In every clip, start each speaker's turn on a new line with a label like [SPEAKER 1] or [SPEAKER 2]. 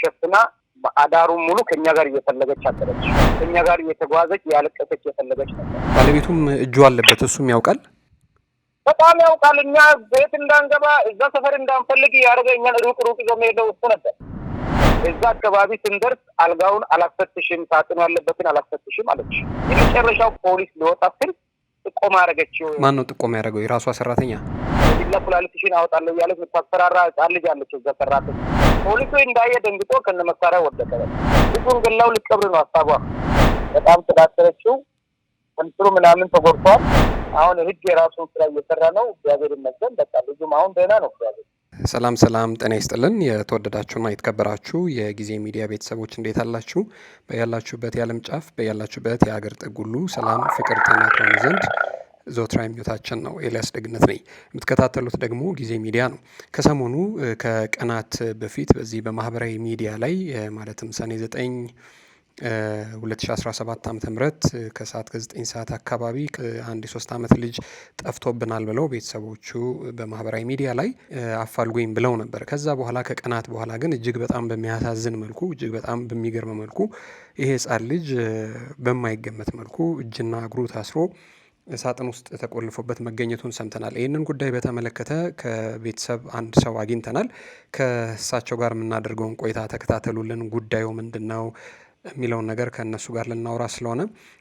[SPEAKER 1] ሸፍና አዳሩን ሙሉ ከእኛ ጋር እየፈለገች አደረች። ከእኛ ጋር እየተጓዘች ያለቀሰች እየፈለገች ነበር።
[SPEAKER 2] ባለቤቱም እጁ አለበት፣ እሱም ያውቃል፣
[SPEAKER 1] በጣም ያውቃል። እኛ ቤት እንዳንገባ እዛ ሰፈር እንዳንፈልግ እያደረገ እኛን ሩቅ ሩቅ ይዞ መሄደው እሱ ነበር። እዛ አካባቢ ስንደርስ አልጋውን አላፈትሽም፣ ሳጥኑ ያለበትን አላፈትሽም አለች። የመጨረሻው ፖሊስ ሊወጣ ስል ጥቆማ ያደረገችው
[SPEAKER 2] ማን ነው? ጥቆማ ያደረገው የራሷ ሰራተኛ
[SPEAKER 1] ዲላ ኩላሊትሽን አወጣለሁ እያለች የምታስፈራራ ህጻን ልጅ አለች እዛ ሰራተኛ ፖሊሱ እንዳየ ደንግጦ ከነ መሳሪያ ወደቀ። ልጁን ገላው ልቀብር ነው ሀሳቧ። በጣም ተዳደረችው። ከምስሩ ምናምን ተጎድቷል። አሁን ህግ የራሱን ስራ እየሰራ ነው። እግዚአብሔር ይመስገን። በቃ ልጁም አሁን ደህና ነው። እግዚአብሔር
[SPEAKER 2] ሰላም ሰላም፣ ጤና ይስጥልን። የተወደዳችሁና የተከበራችሁ የጊዜ ሚዲያ ቤተሰቦች እንዴት አላችሁ? በያላችሁበት የዓለም ጫፍ በያላችሁበት የሀገር ጥግ ሁሉ ሰላም፣ ፍቅር፣ ጤና ትሆኑ ዘንድ ዘወትራዊ ምኞታችን ነው። ኤልያስ ደግነት ነኝ። የምትከታተሉት ደግሞ ጊዜ ሚዲያ ነው። ከሰሞኑ ከቀናት በፊት በዚህ በማህበራዊ ሚዲያ ላይ ማለትም ሰኔ 9 2017 ዓ ም ከሰዓት ከ9 ሰዓት አካባቢ አንድ የሶስት ዓመት ልጅ ጠፍቶብናል ብለው ቤተሰቦቹ በማህበራዊ ሚዲያ ላይ አፋልጉኝ ብለው ነበር። ከዛ በኋላ ከቀናት በኋላ ግን እጅግ በጣም በሚያሳዝን መልኩ እጅግ በጣም በሚገርም መልኩ ይሄ ሕፃን ልጅ በማይገመት መልኩ እጅና እግሩ ታስሮ ሳጥን ውስጥ ተቆልፎበት መገኘቱን ሰምተናል። ይህንን ጉዳይ በተመለከተ ከቤተሰብ አንድ ሰው አግኝተናል። ከእሳቸው ጋር የምናደርገውን ቆይታ ተከታተሉልን። ጉዳዩ ምንድን ነው? የሚለውን ነገር ከእነሱ ጋር ልናወራ ስለሆነ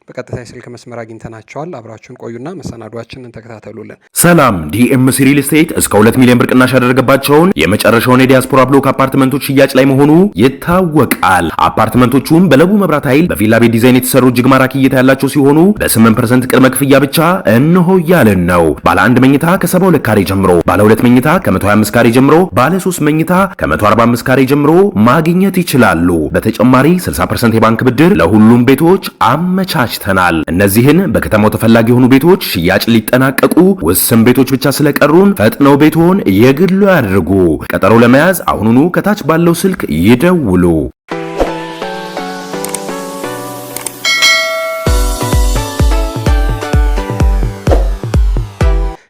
[SPEAKER 2] በቀጥታ የስልክ መስመር አግኝተናቸዋል። አብራችሁን ቆዩና መሰናዷችንን ተከታተሉልን። ሰላም ዲኤምሲ ሪል ስቴት እስከ ሁለት ሚሊዮን ብር ቅናሽ ያደረገባቸውን የመጨረሻውን የዲያስፖራ ብሎክ አፓርትመንቶች ሽያጭ ላይ መሆኑ ይታወቃል። አፓርትመንቶቹም በለቡ መብራት ኃይል በቪላ ቤት ዲዛይን የተሰሩ እጅግ ማራኪ እይታ ያላቸው ሲሆኑ በ8 ፐርሰንት ቅድመ ክፍያ ብቻ እንሆ እያልን ነው። ባለ አንድ መኝታ ከ72 ካሬ ጀምሮ፣ ባለ ሁለት መኝታ ከ125 ካሬ ጀምሮ፣ ባለ ሶስት መኝታ ከ145 ካሬ ጀምሮ ማግኘት ይችላሉ። በተጨማሪ 60 ፐርሰንት የባንክ ብድር ለሁሉም ቤቶች አመቻችተናል። እነዚህን በከተማው ተፈላጊ የሆኑ ቤቶች ሽያጭ ሊጠናቀቁ ውስን ቤቶች ብቻ ስለቀሩን ፈጥነው ቤትዎን የግሉ ያድርጉ። ቀጠሮ ለመያዝ አሁኑኑ ከታች ባለው ስልክ ይደውሉ።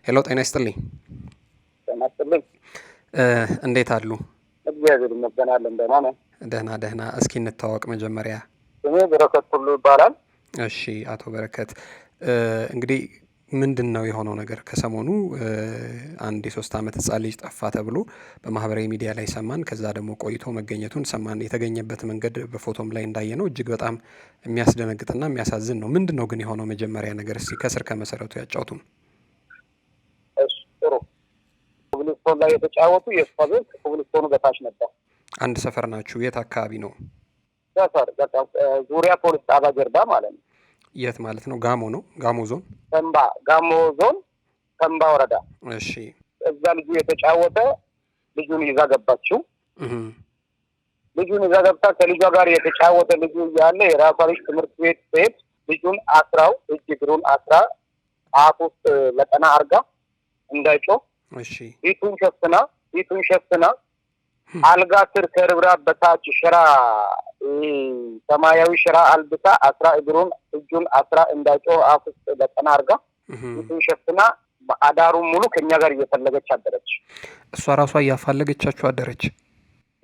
[SPEAKER 2] ሄሎ ጤና ይስጥልኝ። እንዴት አሉ?
[SPEAKER 1] እግዚአብሔር ይመስገናለን። ደህና ነን።
[SPEAKER 2] ደህና ደህና። እስኪ እንታወቅ መጀመሪያ።
[SPEAKER 1] እኔ በረከት ሁሉ ይባላል።
[SPEAKER 2] እሺ አቶ በረከት እንግዲህ ምንድን ነው የሆነው ነገር? ከሰሞኑ አንድ የሶስት ዓመት ህጻን ልጅ ጠፋ ተብሎ በማህበራዊ ሚዲያ ላይ ሰማን። ከዛ ደግሞ ቆይቶ መገኘቱን ሰማን። የተገኘበት መንገድ በፎቶም ላይ ነው እጅግ በጣም የሚያስደነግጥና የሚያሳዝን ነው። ምንድን ነው ግን የሆነው መጀመሪያ ነገር? እስኪ ከስር ከመሰረቱ ያጫውቱም
[SPEAKER 1] ኮብልስቶን ላይ የተጫወቱ የእሷ ቤት ኮብልስቶኑ በታች ነበር።
[SPEAKER 2] አንድ ሰፈር ናችሁ? የት አካባቢ ነው
[SPEAKER 1] ሰፈር? ዙሪያ ፖሊስ ጣባ ጀርባ ማለት ነው።
[SPEAKER 2] የት ማለት ነው? ጋሞ ነው? ጋሞ ዞን
[SPEAKER 1] ተንባ፣ ጋሞ ዞን ተንባ ወረዳ። እሺ። እዛ ልጁ የተጫወተ ልጁን ይዛ ገባችው። ልጁን ይዛ ገብታ ከልጇ ጋር የተጫወተ ልጁ እያለ የራሷ ልጅ ትምህርት ቤት ሴት ልጁን አስራው እጅ እግሩን አስራ አፍ ውስጥ ለቀና አርጋ እንዳይጮህ ፊቱን ሸፍና ፊቱን ሸፍና አልጋ ስር ከርብራ በታች ሽራ ሰማያዊ ሽራ አልብሳ አስራ እግሩን እጁን አስራ እንዳጮ አፍስ በጠና አርጋ ፊቱን ሸፍና አዳሩን ሙሉ ከእኛ ጋር እየፈለገች አደረች።
[SPEAKER 2] እሷ ራሷ እያፋለገቻችሁ አደረች።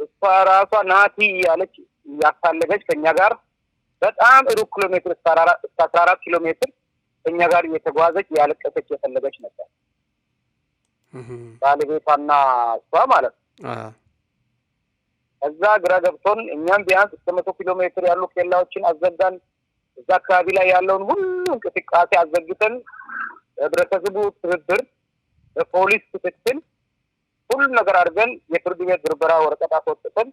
[SPEAKER 1] እሷ ራሷ ናቲ እያለች እያፋለገች ከእኛ ጋር በጣም ሩብ ኪሎ ሜትር እስከ አስራ አራት ኪሎ ሜትር ከእኛ ጋር እየተጓዘች እያለቀሰች የፈለገች ነበር። ባለቤቷና እሷ ማለት ነው። እዛ ግራ ገብቶን እኛም ቢያንስ እስከ መቶ ኪሎ ሜትር ያሉ ኬላዎችን አዘጋን። እዛ አካባቢ ላይ ያለውን ሁሉ እንቅስቃሴ አዘግተን ህብረተሰቡ ትብብር በፖሊስ ክትትል ሁሉ ነገር አድርገን የፍርድ ቤት ብርበራ ወረቀት አስወጥተን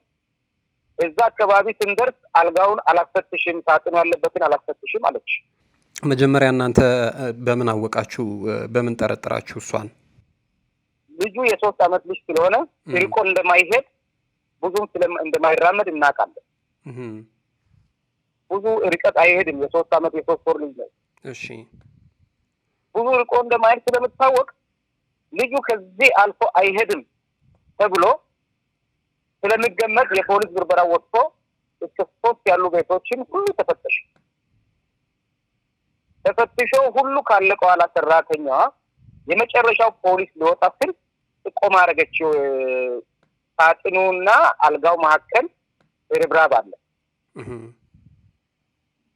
[SPEAKER 1] እዛ አካባቢ ስንደርስ አልጋውን አላፈትሽም፣ ሳጥን ያለበትን አላፈትሽም አለች።
[SPEAKER 2] መጀመሪያ እናንተ በምን አወቃችሁ? በምን ጠረጠራችሁ እሷን?
[SPEAKER 1] ልጁ የሶስት አመት ልጅ ስለሆነ ርቆ እንደማይሄድ ብዙም እንደማይራመድ እናውቃለን። ብዙ ርቀት አይሄድም። የሶስት አመት የሶስት ወር ልጅ ነው። እሺ ብዙ ርቆ እንደማይሄድ ስለምታወቅ ልጁ ከዚህ አልፎ አይሄድም ተብሎ ስለሚገመት የፖሊስ ብርበራ ወጥቶ እስከ ሶስት ያሉ ቤቶችን ሁሉ ተፈተሽ ተፈትሾ ሁሉ ካለቀ ሰራተኛዋ የመጨረሻው ፖሊስ ሊወጣ ስል ጥቆማ አደረገችው። ሳጥኑና አልጋው መካከል ርብራብ አለ።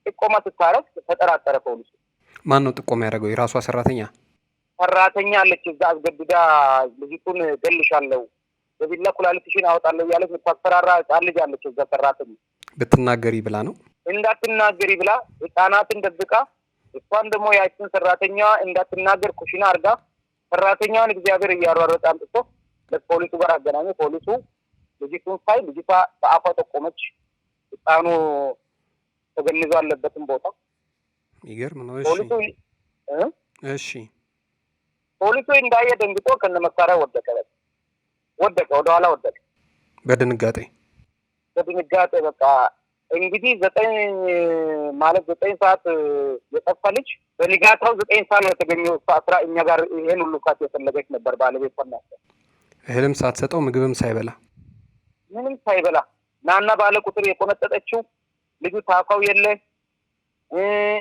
[SPEAKER 1] ጥቆማ ስታረግ ተጠራጠረ ፖሊሱ።
[SPEAKER 2] ማን ነው ጥቆማ ያደረገው? የራሷ ሰራተኛ
[SPEAKER 1] ሰራተኛ አለች። እዛ አስገድዳ ልጅቱን ገልሻለው በቢላ ኩላሊትሽን አወጣለሁ እያለች የምታስፈራራ ህጻን ልጅ አለች። እዛ ሰራተኛ
[SPEAKER 2] ብትናገሪ ብላ ነው
[SPEAKER 1] እንዳትናገሪ ብላ ህጻናትን ደብቃ እሷን ደግሞ ያችን ሰራተኛ እንዳትናገር ኩሽና አርጋ ሰራተኛውን እግዚአብሔር እያሯሯጠ አምጥቶ ለፖሊሱ ጋር አገናኘ። ፖሊሱ ልጅቱን ሳይ ልጅቷ በአፏ ጠቆመች። ህፃኑ ተገንዞ አለበትም ቦታ
[SPEAKER 2] ይገርም ነው። ፖሊሱ እሺ፣
[SPEAKER 1] ፖሊሱ እንዳየ ደንግጦ ከነ መሳሪያ ወደቀ። ወደቀ፣ ወደኋላ ወደቀ በድንጋጤ በድንጋጤ በቃ እንግዲህ ዘጠኝ ማለት ዘጠኝ ሰዓት የጠፋ ልጅ በንጋታው ዘጠኝ ሰዓት ነው የተገኘው። አስራ እኛ ጋር ይሄን ሁሉ ሰዓት የፈለገች ነበር ባለቤት ናት።
[SPEAKER 2] እህልም ሳትሰጠው ምግብም ሳይበላ
[SPEAKER 1] ምንም ሳይበላ ናና ባለ ቁጥር የቆነጠጠችው ልጁ ታፋው የለ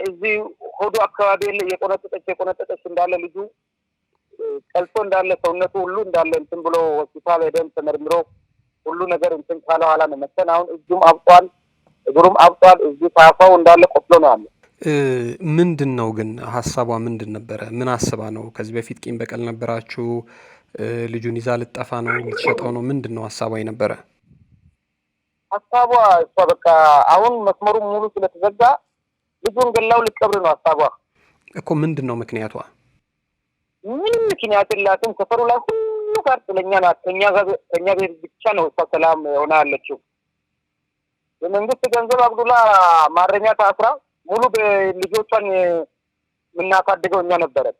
[SPEAKER 1] እዚህ ሆዱ አካባቢ የለ የቆነጠጠች የቆነጠጠች እንዳለ ልጁ ቀልጦ እንዳለ ሰውነቱ ሁሉ እንዳለ እንትን ብሎ ሆስፒታል ሄደን ተመርምሮ ሁሉ ነገር እንትን ካለ ኋላ ነው መተን አሁን እጁም አብጧል። እግሩም አብጧል። እዚህ ታፋው እንዳለ ቆፍሎ ነው አለ።
[SPEAKER 2] ምንድን ነው ግን ሀሳቧ ምንድን ነበረ? ምን አስባ ነው? ከዚህ በፊት ቂም በቀል ነበራችሁ? ልጁን ይዛ ልጠፋ ነው? ልትሸጠው ነው? ምንድን ነው ሀሳቧ የነበረ?
[SPEAKER 1] ሀሳቧ እሷ በቃ አሁን መስመሩ ሙሉ ስለተዘጋ ልጁን ገላው ልትቀብር ነው ሀሳቧ
[SPEAKER 2] እኮ። ምንድን ነው ምክንያቷ?
[SPEAKER 1] ምንም ምክንያት የላትም። ሰፈሩ ላይ ሁሉ ጋር ጥለኛ ናት። ከኛ ቤት ብቻ ነው እሷ ሰላም ሆና ያለችው። በመንግስት ገንዘብ አብዱላ ማረሚያ ታስራ ሙሉ ልጆቿን የምናሳድገው እኛ ነበረን።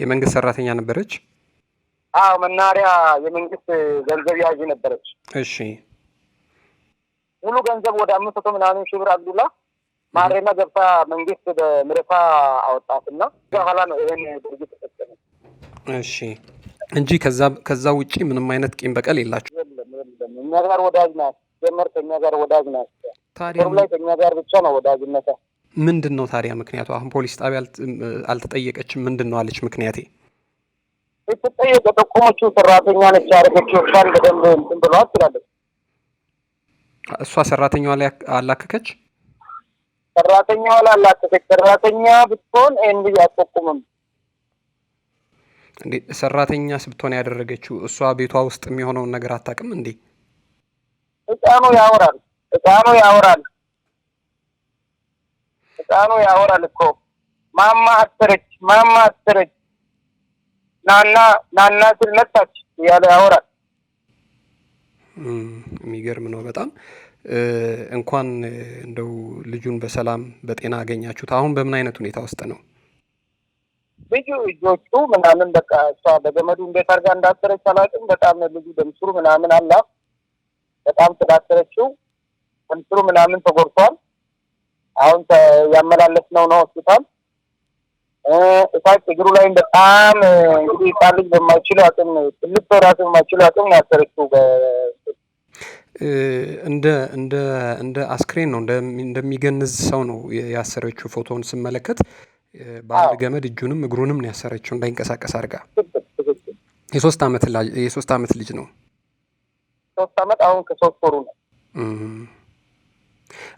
[SPEAKER 2] የመንግስት ሰራተኛ ነበረች።
[SPEAKER 1] አዎ መናሪያ የመንግስት ገንዘብ ያዥ ነበረች። እሺ ሙሉ ገንዘብ ወደ አምስት መቶ ምናምን ሺህ ብር አብዱላ ማረሚያ ገብታ መንግስት በምረታ አወጣትና በኋላ ነው ይህን ድርጊት ተፈጸመ።
[SPEAKER 2] እሺ እንጂ ከዛ ውጪ ምንም አይነት ቂም በቀል የላችሁ?
[SPEAKER 1] እኛ ጋር ወዳጅ ናት። ሲጀመር ከኛ ጋር ወዳጅ ናቸው። ታዲያ ላይ ከኛ ጋር ብቻ ነው ወዳጅነት።
[SPEAKER 2] ምንድን ነው ታዲያ ምክንያቱ? አሁን ፖሊስ ጣቢያ አልተጠየቀችም? ምንድን ነው አለች ምክንያቴ?
[SPEAKER 1] ስትጠየቅ የጠቆመችው ሰራተኛ ነች ያደረገችው። እሷን በደንብ እንትን ብለዋት ትላለች።
[SPEAKER 2] እሷ ሰራተኛዋ ላይ አላከከች።
[SPEAKER 1] ሰራተኛዋ ላይ አላከከች። ሰራተኛ ብትሆን ይህን ብዬ አጠቁምም
[SPEAKER 2] እንዴ? ሰራተኛ ስብትሆን ያደረገችው እሷ ቤቷ ውስጥ የሚሆነውን ነገር አታውቅም እንዴ?
[SPEAKER 1] ህፃኑ ያወራል። ህፃኑ ያወራል። ህፃኑ ያወራል እኮ ማማ አሰረች፣ ማማ አሰረች፣ ናና ናና ስል መጣች እያለ ያወራል።
[SPEAKER 2] የሚገርም ነው በጣም እንኳን እንደው ልጁን በሰላም በጤና አገኛችሁት። አሁን በምን አይነት ሁኔታ ውስጥ ነው
[SPEAKER 1] ልጁ? እጆቹ ምናምን በቃ እሷ በገመዱ እንዴት አርጋ እንዳሰረች አላውቅም። በጣም ልጁ ደምስሩ ምናምን አላ በጣም ስላሰረችው እንትሩ ምናምን ተጎድቷል። አሁን ያመላለስ ነው ሆስፒታል እሳት እግሩ ላይ በጣም እንግዲህ ህጻን አቅም ትልቅ ሰው ራሱ አቅም ያሰረችው
[SPEAKER 2] እንደ እንደ እንደ አስክሬን ነው እንደሚገንዝ ሰው ነው ያሰረችው። ፎቶውን ስመለከት በአንድ ገመድ እጁንም እግሩንም ነው ያሰረችው እንዳይንቀሳቀስ አድርጋ። የሶስት አመት ልጅ ነው
[SPEAKER 1] ሶስት አመት አሁን ከሶስት ወሩ ነው።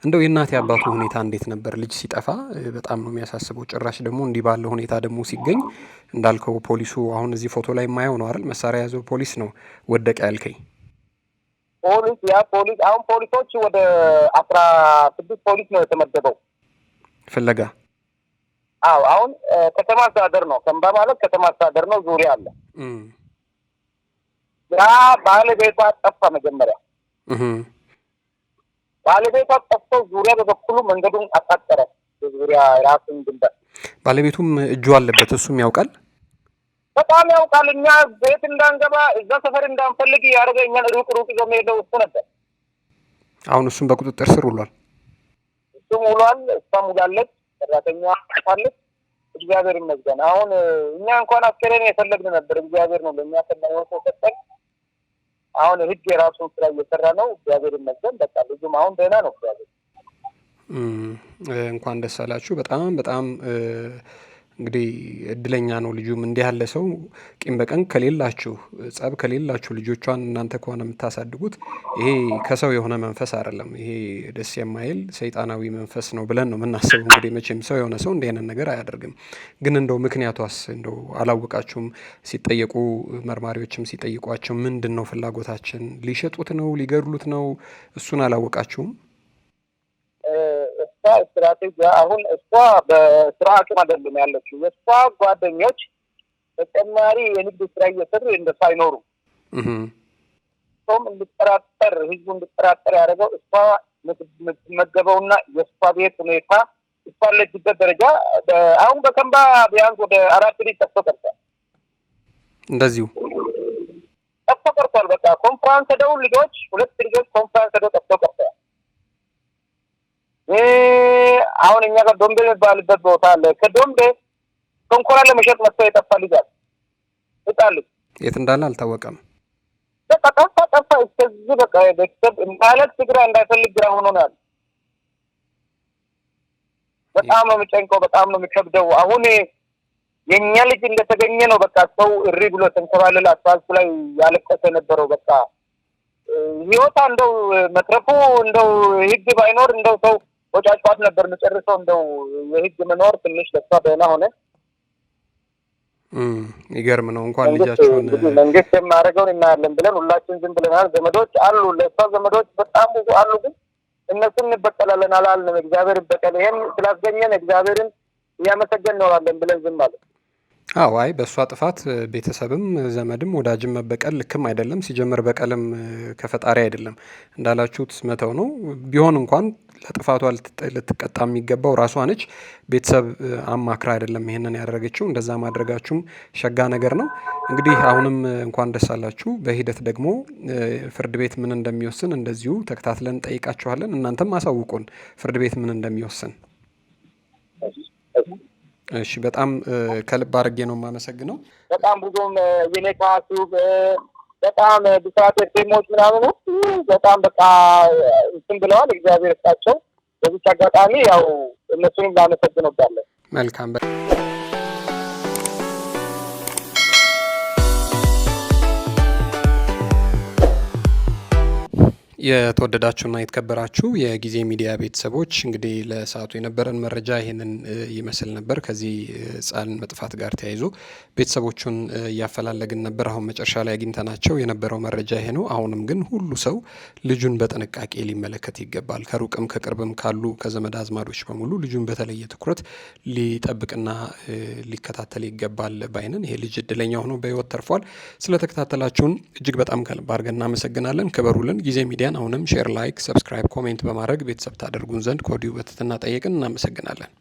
[SPEAKER 2] እንደው የእናት አባቱ ሁኔታ እንዴት ነበር? ልጅ ሲጠፋ በጣም ነው የሚያሳስበው። ጭራሽ ደግሞ እንዲህ ባለ ሁኔታ ደግሞ ሲገኝ እንዳልከው ፖሊሱ አሁን እዚህ ፎቶ ላይ የማየው ነው አይደል? መሳሪያ ያዘው ፖሊስ ነው ወደቀ ያልከኝ
[SPEAKER 1] ፖሊስ ያ ፖሊስ አሁን ፖሊሶች ወደ አስራ ስድስት ፖሊስ ነው የተመደበው ፍለጋ። አዎ አሁን ከተማ አስተዳደር ነው ከምባ ማለት ከተማ አስተዳደር ነው ዙሪያ አለ ያ ባለቤቷ ጠፋ። መጀመሪያ ባለቤቷ ጠፍቶ ዙሪያ በበኩሉ መንገዱን አጣጠረ። ዙሪያ ራሱን ግንባር
[SPEAKER 2] ባለቤቱም እጁ አለበት። እሱም ያውቃል፣
[SPEAKER 1] በጣም ያውቃል። እኛ ቤት እንዳንገባ እዛ ሰፈር እንዳንፈልግ እያደረገ እኛን ሩቅ ሩቅ ይዞ መሄደው እሱ ነበር።
[SPEAKER 2] አሁን እሱም በቁጥጥር ስር ውሏል።
[SPEAKER 1] እሱም ውሏል፣ እሷም ውላለች፣ ሰራተኛ ታለች። እግዚአብሔር ይመስገን። አሁን እኛ እንኳን አስከሬን የፈለግን ነበር። እግዚአብሔር ነው ለእኛ ሰናወርሶ ሰጠን። አሁን ህግ የራሱን ስራ እየሰራ ነው። እግዚአብሔር ይመስገን። በቃ ልጁም አሁን ደህና ነው። እግዚአብሔር
[SPEAKER 2] እንኳን ደስ አላችሁ። በጣም በጣም እንግዲህ እድለኛ ነው ልጁም እንዲህ ያለ ሰው ቂም በቀን ከሌላችሁ ጸብ ከሌላችሁ ልጆቿን እናንተ ከሆነ የምታሳድጉት ይሄ ከሰው የሆነ መንፈስ አይደለም። ይሄ ደስ የማይል ሰይጣናዊ መንፈስ ነው ብለን ነው የምናስበው። እንግዲህ መቼም ሰው የሆነ ሰው እንዲህ አይነት ነገር አያደርግም። ግን እንደው ምክንያቷስ እንደው አላወቃችሁም? ሲጠየቁ መርማሪዎችም ሲጠይቋቸው ምንድን ነው ፍላጎታችን ሊሸጡት ነው ሊገድሉት ነው እሱን አላወቃችሁም?
[SPEAKER 1] ስትራቴጂ አሁን እሷ በስራ አቅም አይደለም ያለችው። የእሷ ጓደኞች ተጨማሪ የንግድ ስራ እየሰሩ እንደሱ አይኖሩ እሷም እንድጠራጠር ህዝቡ እንድጠራጠር ያደረገው እሷ የምትመገበውና የእሷ ቤት ሁኔታ እሷ አለችበት ደረጃ አሁን በከንባ ቢያንስ ወደ አራት ሊ ጠፍቶ ቀርቷል። እንደዚሁ ጠፍቶ ቀርቷል። በቃ ኮንፍራንስ ደው ልጆች ሁለት ልጆች ኮንፍራንስ ደው ጠፍቶ ቀርተዋል። አሁን እኛ ጋር ዶምቤ የሚባልበት ቦታ አለ። ከዶምቤ ተንኮራ ለመሸጥ መጥቶ የጠፋ ልጃል አለ።
[SPEAKER 2] የት እንዳለ አልታወቀም።
[SPEAKER 1] በቃ ጠፋ ጠፋ። እስከዚህ በቃ ቤተሰብ ማለት ትግራ እንዳይፈልግ ግራ ሆኖናል። በጣም ነው የሚጨንቀው። በጣም ነው የሚከብደው። አሁን የእኛ ልጅ እንደተገኘ ነው በቃ ሰው እሪ ብሎ ተንኮራልል አስፋልቱ ላይ ያለቀሰ ነበረው። በቃ ህይወታ እንደው መትረፉ እንደው ህግ ባይኖር እንደው ሰው ወደ አባት ነበር መጨረሻው። እንደው የህግ መኖር ትንሽ ደስታ ደህና ሆነ።
[SPEAKER 2] ይገርም ነው። እንኳን ልጃችሁን
[SPEAKER 1] መንግስት የማያደርገውን እናያለን ብለን ሁላችን ዝም ብለናል። ዘመዶች አሉ፣ ለእሷ ዘመዶች በጣም ብዙ አሉ፣ ግን እነሱን እንበቀላለን አላልንም። እግዚአብሔር ይበቀል። ይህም ስላስገኘን እግዚአብሔርን እያመሰገን እንኖራለን ብለን ዝም አለን።
[SPEAKER 2] አዎ አይ በእሷ ጥፋት ቤተሰብም ዘመድም ወዳጅም መበቀል ልክም አይደለም ሲጀምር በቀልም ከፈጣሪ አይደለም እንዳላችሁት መተው ነው። ቢሆን እንኳን ለጥፋቷ ልትቀጣ የሚገባው ራሷ ነች። ቤተሰብ አማክራ አይደለም ይህንን ያደረገችው እንደዛ ማድረጋችሁም ሸጋ ነገር ነው። እንግዲህ አሁንም እንኳን ደስ አላችሁ። በሂደት ደግሞ ፍርድ ቤት ምን እንደሚወስን እንደዚሁ ተከታትለን እንጠይቃችኋለን። እናንተም አሳውቁን ፍርድ ቤት ምን እንደሚወስን። እሺ በጣም ከልብ አድርጌ ነው የማመሰግነው።
[SPEAKER 1] በጣም ብዙም የኔካሱ በጣም ብስራት ፌሞች ምናምኑ በጣም በቃ እንትን ብለዋል። እግዚአብሔር እሳቸው በዚች አጋጣሚ ያው እነሱንም ላመሰግነው ወዳለን። መልካም
[SPEAKER 2] የተወደዳችሁና የተከበራችሁ የጊዜ ሚዲያ ቤተሰቦች እንግዲህ ለሰዓቱ የነበረን መረጃ ይህንን ይመስል ነበር። ከዚህ ሕፃን መጥፋት ጋር ተያይዞ ቤተሰቦቹን እያፈላለግን ነበር። አሁን መጨረሻ ላይ አግኝተናቸው የነበረው መረጃ ይሄ ነው። አሁንም ግን ሁሉ ሰው ልጁን በጥንቃቄ ሊመለከት ይገባል። ከሩቅም ከቅርብም ካሉ ከዘመድ አዝማዶች በሙሉ ልጁን በተለየ ትኩረት ሊጠብቅና ሊከታተል ይገባል ባይነን። ይሄ ልጅ እድለኛ ሆኖ በህይወት ተርፏል። ስለተከታተላችሁን እጅግ በጣም ከልብ አድርገን እናመሰግናለን። ክበሩልን ጊዜ ሚዲያ አሁንም ሼር፣ ላይክ፣ ሰብስክራይብ፣ ኮሜንት በማድረግ ቤተሰብ ታደርጉን ዘንድ ከወዲሁ በትህትና ጠየቅን። እናመሰግናለን።